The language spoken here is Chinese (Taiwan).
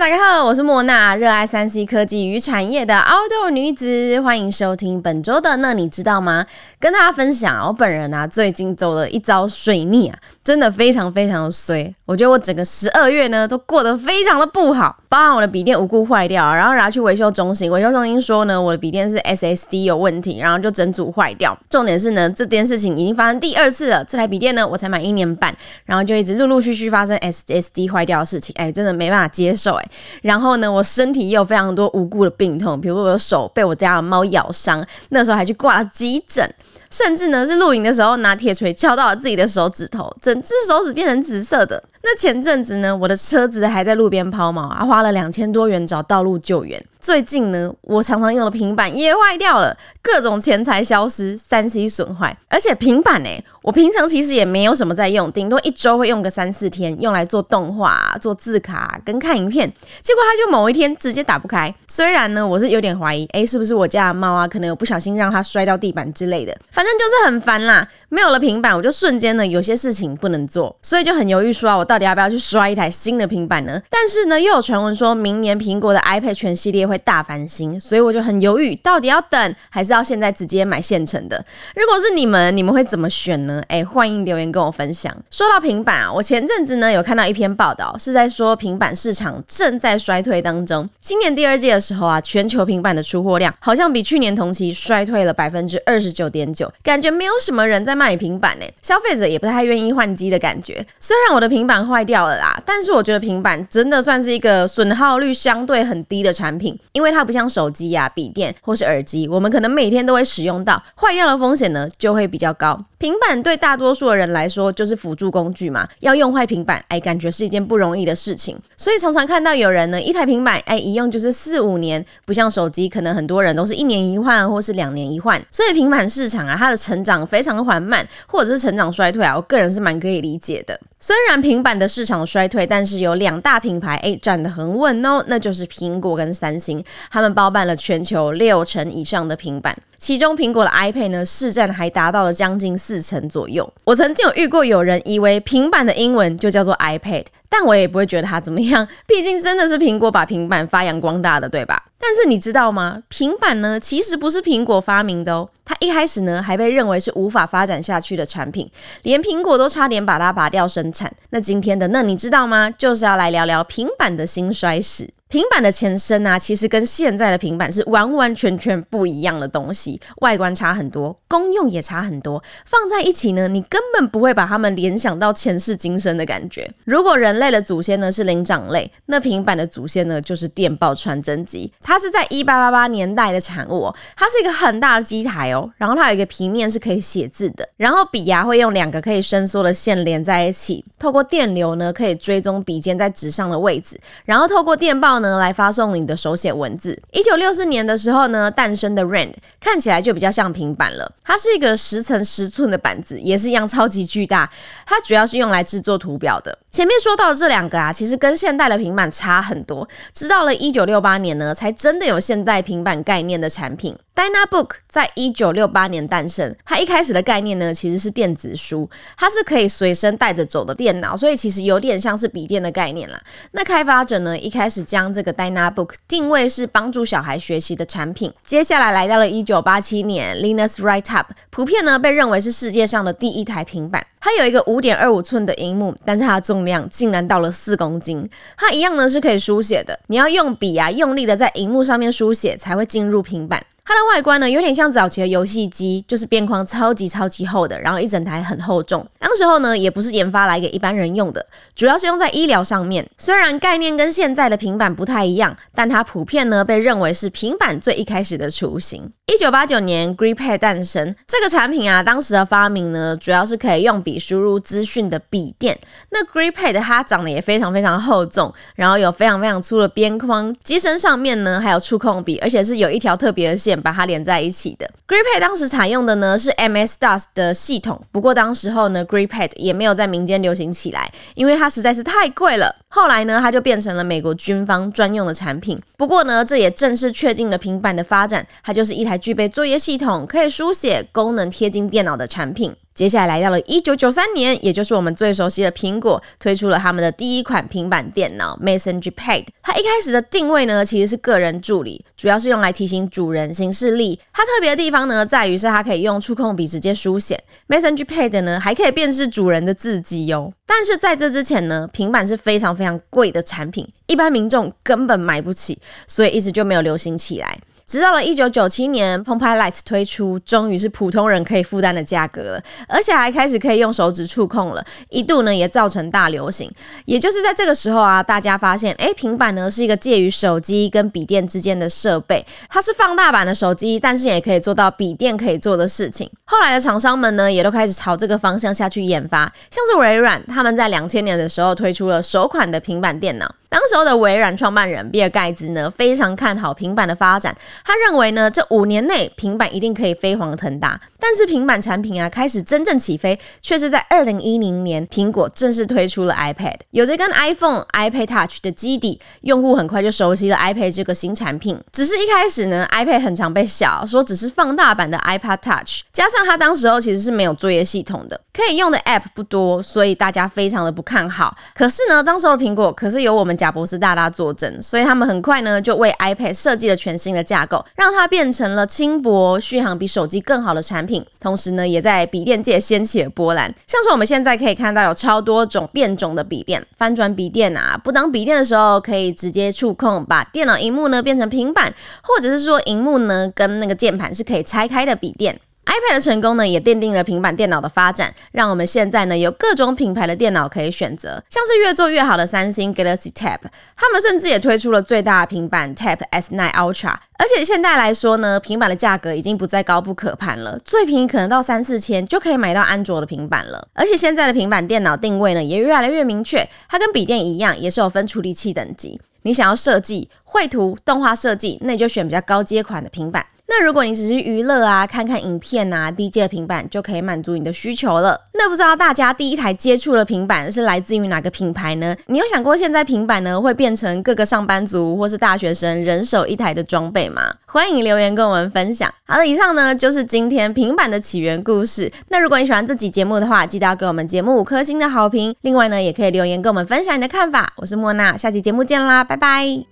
大家好，我是莫娜，熱愛 3C 科技與產業的傲嬌女子，歡迎收聽本週的那你知道嗎？跟大家分享，我本人啊，最近走了一遭水逆啊，真的非常非常的衰。我覺得我整個十二月呢，都過得非常的不好，包含我的筆電無故壞掉，然後拿去維修中心，維修中心說呢，我的筆電是 SSD 有問題，然後就整組壞掉。重點是呢，這件事情已經發生第二次了。這台筆電呢，我才買一年半，然後就一直陸陸續續發生 SSD 壞掉的事情，哎，真的沒辦法接受。對，然後呢，我身體也有非常多無辜的病痛，比如我的手被我家的貓咬傷，那時候還去掛了急診，甚至呢是露營的時候拿鐵錘敲到了自己的手指頭，整隻手指變成紫色的。那前陣子呢，我的車子還在路邊拋錨啊，花了兩千多元找道路救援。最近呢，我常常用的平板也壞掉了，各種錢財消失，三 C 損壞，而且平板呢、欸，我平常其實也沒有什麼在用，頂多一周會用個三四天，用來做動畫、做字卡跟看影片。結果它就某一天直接打不開。雖然呢，我是有點懷疑，誒、欸，是不是我家的貓啊，可能有不小心讓它摔到地板之類的。反正就是很煩啦，沒有了平板，我就瞬間呢有些事情不能做，所以就很猶豫說啊，我到底要不要去刷一台新的平板呢？但是呢，又有傳聞說明年蘋果的 iPad 全系列會。大翻新，所以我就很猶豫，到底要等還是要現在直接買現成的？如果是你們，你們會怎麼選呢？誒、欸，歡迎留言跟我分享。說到平板啊，我前陣子呢有看到一篇報道，是在說平板市場正在衰退當中。今年第二季的時候啊，全球平板的出貨量好像比去年同期衰退了百分之二十九點九，感覺沒有什麼人在買平板哎、欸，消費者也不太願意換機的感覺。雖然我的平板壞掉了啦，但是我覺得平板真的算是一個損耗率相對很低的產品。因為它不像手機呀、啊、筆電或是耳機，我們可能每天都會使用到，壞掉的風險呢就會比較高。平板對大多數的人來說就是輔助工具嘛，要用壞平板，哎，感覺是一件不容易的事情。所以常常看到有人呢，一台平板，哎，一用就是四五年，不像手機，可能很多人都是一年一換或是兩年一換。所以平板市場啊，它的成長非常緩慢，或者是成長衰退啊，我個人是蠻可以理解的。雖然平板的市場衰退，但是有兩大品牌，哎，站得很穩哦，那就是蘋果跟三星。他們包辦了全球六成以上的平板，其中蘋果的 iPad 呢，市占還達到了將近四成左右。我曾經有遇過有人以為平板的英文就叫做 iPad，但我也不會覺得它怎麼樣，畢竟真的是蘋果把平板發揚光大的，對吧？但是你知道嗎？平板呢，其實不是蘋果發明的哦，它一開始呢還被認為是無法發展下去的產品，連蘋果都差點把它拔掉生產。那今天的那你知道嗎？就是要來聊聊平板的興衰史。平板的前身啊，其實跟現在的平板是完完全全不一樣的東西，外觀差很多，功用也差很多。放在一起呢，你根本不會把它們聯想到前世今生的感覺。如果人類的祖先呢是靈長類，那平板的祖先呢就是電報傳真機，它是在一八八八年代的產物哦，它是一個很大的機台哦，然後它有一個平面是可以寫字的，然後筆呀會用兩個可以伸縮的線連在一起，透過電流呢可以追蹤筆尖在紙上的位置，然後透過電報呢。呢，來發送你的手寫文字。一九六四年的時候呢，誕生的 Rand 看起來就比較像平板了。它是一個十乘十寸的板子，也是一樣超級巨大。它主要是用來製作圖表的。前面說到的這兩個啊，其實跟現代的平板差很多。直到了一九六八年呢，才真的有現代平板概念的產品。DynaBook 在一九六八年誕生，它一開始的概念呢，其實是電子書，它是可以隨身帶着走的電腦，所以其實有點像是筆電的概念啦。那開發者呢，一開始將這個 DynaBook 定位是幫助小孩學習的產品。接下來來到了一九八七年，Linus WriteUp，普遍呢被認為是世界上的第一台平板，它有一個五點二五寸的熒幕，但是它的重量竟然到了四公斤。它一樣呢是可以書寫的，你要用筆啊，用力的在熒幕上面書寫才會進入平板。它的外觀呢，有點像早期的遊戲機，就是邊框超級超級厚的，然後一整台很厚重。當時候呢，也不是研發來給一般人用的，主要是用在醫療上面。雖然概念跟現在的平板不太一樣，但它普遍呢，被認為是平板最一開始的雛形。一九八九年，GRiDPad 誕生。這個產品啊，當時的發明呢，主要是可以用筆輸入資訊的筆電。那 GRiDPad 它長得也非常非常厚重，然後有非常非常粗的邊框，機身上面呢還有觸控筆，而且是有一條特別的線把它連在一起的。GRiDPad 當時採用的呢是 MS-DOS 的系統，不過當時候呢，GRiDPad 也沒有在民間流行起來，因為它實在是太貴了。後來呢，它就變成了美國軍方專用的產品。不過呢，這也正式確定了平板的發展，它就是一台。具備作業系統可以書寫功能，貼近電腦的產品。接下來來到了一九九三年，也就是我們最熟悉的蘋果推出了他們的第一款平板電腦 MessagePad。它一開始的定位呢，其實是個人助理，主要是用來提醒主人行事曆。它特別的地方呢，在於是它可以用觸控筆直接書寫。MessagePad 呢，還可以辨識主人的字跡喲。但是在這之前呢，平板是非常非常貴的產品，一般民眾根本買不起，所以一直就沒有流行起來。直到了1997年，Palm Pilot 推出，終於是普通人可以負擔的價格了，而且還開始可以用手指觸控了，一度呢也造成大流行。也就是在這個時候啊，大家發現，哎、欸，平板呢是一個介於手機跟筆電之間的設備，它是放大版的手機，但是也可以做到筆電可以做的事情。後來的廠商們呢，也都開始朝這個方向下去研發，像是微軟，他們在2000年的時候推出了首款的平板電腦。當時候的微軟創辦人比爾蓋茨呢，非常看好平板的發展。他認為呢，這五年內平板一定可以飛黃騰達。但是平板產品啊，開始真正起飛，卻是在二零一零年，蘋果正式推出了 iPad。有着跟 iPhone、iPad Touch 的基底，用戶很快就熟悉了 iPad 這個新產品。只是一開始呢，iPad 很常被笑說只是放大版的 iPad Touch，加上它當時候其實是沒有作業系統的，可以用的 App 不多，所以大家非常的不看好。可是呢，當時候的蘋果可是有我們。賈伯斯大大坐鎮，所以他們很快呢就為 iPad 設計了全新的架構，讓它變成了輕薄、續航比手機更好的產品。同時呢，也在筆電界掀起了波瀾。像是我們現在可以看到有超多種變種的筆電，翻轉筆電啊，不當筆電的時候可以直接觸控，把電腦熒幕呢變成平板，或者是說熒幕呢跟那個鍵盤是可以拆開的筆電。iPad 的成功呢，也奠定了平板電腦的發展，讓我們現在呢有各種品牌的電腦可以選擇，像是越做越好的三星 Galaxy Tab，他們甚至也推出了最大的平板 Tab S9 Ultra，而且現在來說呢，平板的價格已經不再高不可攀了，最便宜可能到三四千就可以買到安卓的平板了，而且現在的平板電腦定位呢也越來越明確，它跟筆電一樣，也是有分處理器等級，你想要設計、繪圖、動畫設計，那你就選比較高階款的平板。那如果你只是娛樂啊，看看影片啊，低階的平板就可以滿足你的需求了。那不知道大家第一台接觸的平板是來自於哪個品牌呢？你有想過現在平板呢會變成各個上班族或是大學生人手一台的裝備嗎？歡迎留言跟我們分享。好了，以上呢就是今天平板的起源故事。那如果你喜歡這集節目的話，記得要給我們節目五顆星的好評。另外呢，也可以留言跟我們分享你的看法。我是莫娜，下期節目見啦，拜拜。